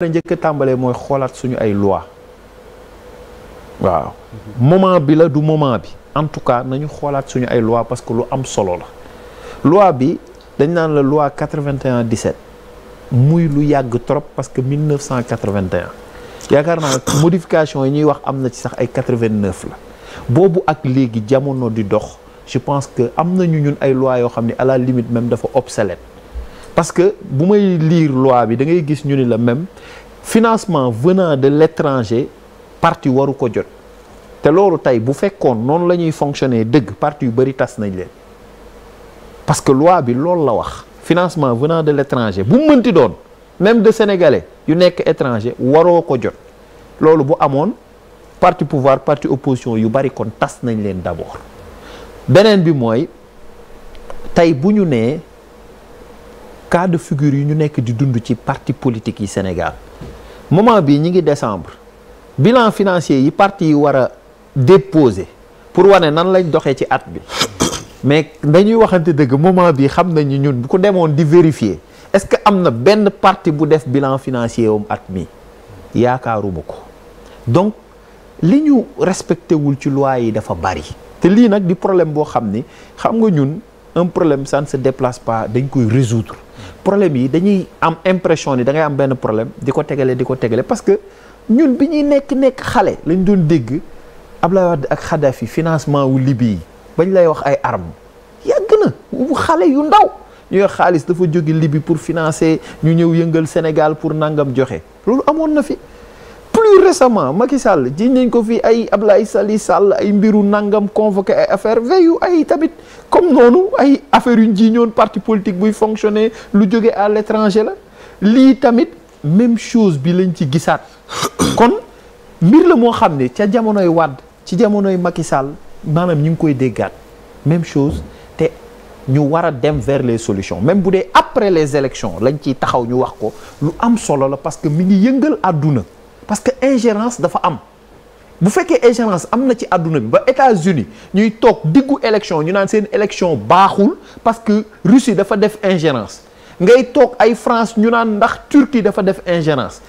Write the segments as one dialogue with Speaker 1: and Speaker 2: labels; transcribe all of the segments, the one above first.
Speaker 1: da njëkk a tàmbalee mooy xoolaat suñu ay loi waaw moment bi la du moment bi en tout cas nañu xoolaat suñu ay loi parce que lu am solo la loi bi dañ naan la loi 81 17 muy lu yàgg trop parce que 1981 yaakaar naa modification yi ñuy wax am na ci sax ay 89 la boobu ak léegi jamono di dox je pense que am nañu ñun ay loi yoo xam ne à la limite même dafa obsolète parce que bu may liir loi bi da ngay gis ñu ni la même financement venant de l'étranger parti waru ko jot te loolu tey bu fekkoon noonu la ñuy fonctionner dëgg parti yu bëri tas nañ leen parce que loi bi loolu la wax financement venant de l'étranger bu mënti doon même de sénégalais yu nekk étranger waroo ko jot loolu bu amoon parti pouvoir parti opposition yu bëri kon tas nañ leen d'abord beneen bi mooy tey bu ñu nee cas de figure yi ñu nekk di dund ci parti politique yi Sénégal moment bii ñi ngi décembre bilan financier yi parti yi war a déposer pour wane nan lañ doxee ci at bi mais dañuy waxante dëgg moment bii xam nañu ñun bu ko demoon di vérifier est-ce que am na benn parti bu def bilan financier wam at mi yaakaarumu ko donc li ñu respecté wul ci loi yi dafa bari te lii nag di problème boo xam ni xam nga ñun. un problème ça ne se pas dañ koy résoudre problème yi dañuy am impression ni dangay am benn problème di ko tegale di ko tegale parce que ñun bi ñuy nekk nekk xale lañ doon dégg Ablaye Wade ak Kadhafi financement wu Libye yi bañ lay wax ay armes yàgg na xale yu ndaw ñooy xaalis dafa jóge Libye pour financer ñu ñëw yëngal Sénégal pour nangam joxe loolu amoon na fi plus récemment Macky Sall jiñ nañ ko fi ay Ablaye Sall ay mbiru nangam convoqué ay affaire veyu ay tamit comme noonu ay affaire yu ñu jiñoon parti politique buy fonctionner lu jóge à l'étranger la lii tamit même chose bi lañ ci gisaat kon mbir la moo xam ne ca jamonoy Wade ci jamonoy Macky Sall maanaam ñu ngi koy déggaat même chose te ñu war a dem vers les solutions même bu dee après les élections lañ ciy taxaw ñu wax ko lu am solo la parce que mi ngi yëngal àdduna parce que ingérence dafa am bu fekkee ingérence am na ci àdduna bi ba États-Unis ñuy toog diggu élection ñu naan seen élection baaxul parce que Russie dafa def ingérence ngay toog ay France ñu naan ndax Turquie dafa def ingérence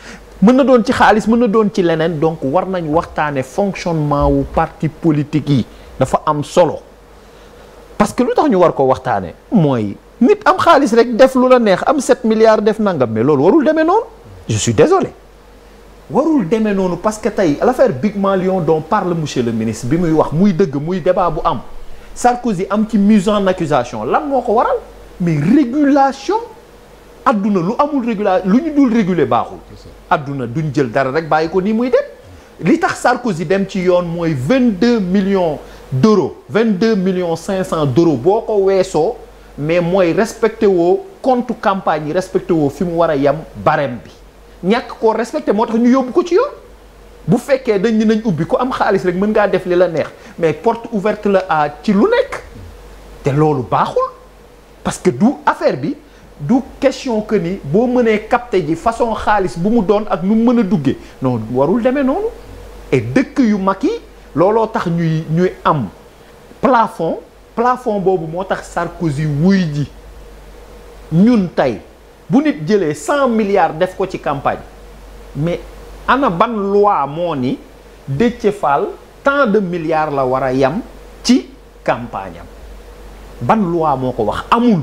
Speaker 1: mën na doon ci xaalis mun na doon ci leneen donc war nañu waxtaane fonctionnement wu parti politique yi dafa am solo parce que lu tax ñu war ko waxtaane mooy nit am xaalis rek def lu la neex am set milliards def nangam mais loolu warul demee noonu je suis désolé warul demee noonu parce que tey l'affaire Big Malion Lyon dont parle monsieur le ministre bi muy wax muy dëgg muy débat bu am Sarkozy am ci mise en accusation lan moo ko waral mais régulation adduna lu amul régula lu ñu dul réguler baaxul. adduna duñ jël dara rek bàyyi ko nii muy dem li tax Sarkozy dem ci yoon mooy vingt deux million d'euros vingt deux millions cinq cent d'euros boo ko weesoo mais mooy respecté woo compte campagne yi respecté woo fi mu war a yem barème bi. ñàkk ko respecté moo tax ñu yóbbu ko ci yoon bu fekkee dañ nañ ubbi ku am xaalis rek mën ngaa def li la neex mais porte ouverte la à ci lu nekk te loolu baaxul parce que du affaire bi du question que ni boo mënee capter ji façon xaalis bu mu doon ak nu mu mën a duggee noonu warul demee noonu dëkk yu mag yi looloo tax ñuy ñuy am plafond plafond boobu moo tax Sarkozy wuy ji ñun tey bu nit jëlee cent milliards def ko ci campagne mais ana ban loi moo ni Déthié Fall tant de milliards la war a yam ci campagne ban loi moo ko wax amul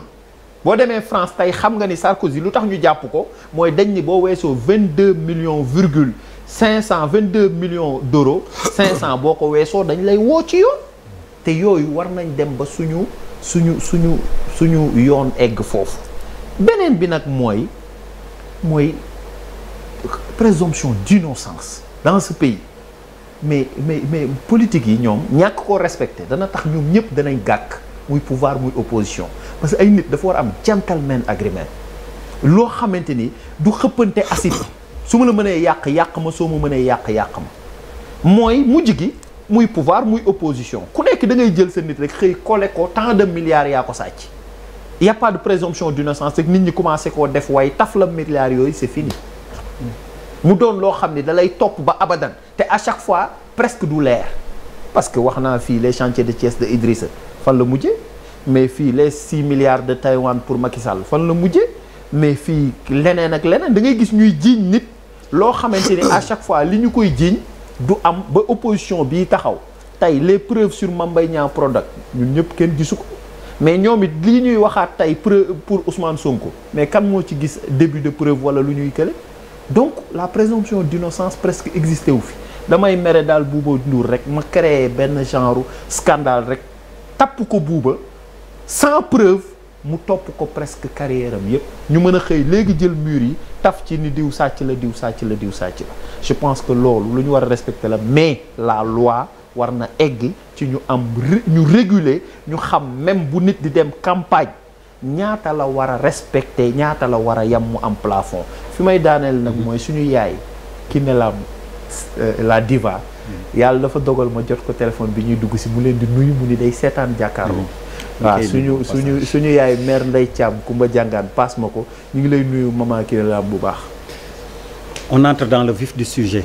Speaker 1: boo demee France tey xam nga ni Sarkozy lu tax ñu jàpp ko mooy dañ ni boo weesoo vingt deux million virgule cinq cent vingt deux million d'euros cinq cent boo ko weesoo dañ lay woo ci yoon te yooyu war nañ dem ba suñu suñu suñu suñu yoon egg foofu beneen bi nag mooy mooy présomption d'innocence dans ce pays mais mais mais politique yi ñoom ñàkk koo respecté dana tax ñoom ñëpp danañ gàkk muy pouvoir muy opposition parce que ay nit dafa war am gentleman agreement loo xamante ni du xëppante acide su ma la mënee yàq yàq ma soo ma mënee yàq yàq ma mooy mujj gi muy pouvoir muy opposition ku nekk da ngay jël sa nit rek xëy kole ko tant de milliards yaa ko sàcc y' a pas de présomption d' innocence rek nit ñi commencé ko def waaye taf la milliards yooyu c' est fini mu doon loo xam ne da lay topp ba abadan te à chaque fois presque du leer parce que wax naa fii les chantiers de Thiès de Idrissa fan la mujjee mais fii les six milliards de Taïwan pour Macky Sall fan la mujjee mais fii leneen ak leneen da ngay gis ñuy jiiñ nit loo xamante ni à chaque fois li ñu koy jiiñ du am ba opposition bii taxaw tey les preuves sur Mame Mbaye Niang ñun ñëpp kenn gisu ko mais ñoom it lii ñuy waxaat tey preuve pour Ousmane Sonko mais kan moo ci gis début de preuve wala lu ñuy kële donc la présomption d'innocence presque existé wu fi damay mere daal Bouba Ndour rek ma créer benn genre scandale rek tapp ko buuba sans preuve mu topp ko presque carrière am yépp ñu mën a xëy léegi jël mur yi taf ci ni diw sàcc la diw sàcc la diw sàcc je pense que loolu lu ñu war a respecter la mais la loi war na egg ci ñu am ñu réguler ñu xam même bu nit di dem campagne ñaata la war a respecter ñaata la war a yem mu am plafond fi may daaneel nag mhm. mooy suñu yaay ki ne la euh, la diva mhm. yàlla dafa dogal ma jot ko téléphone bi ñuy dugg si mu leen di nuyu mu ni day seetaan jàkkaarloo mhm. waaw suñu suñu suñu yaay mère Ndeye Thiam Kumba jàngaan paas ma ko ñu ngi lay nuyu maman ki ne bu baax on entre dans le vif du sujet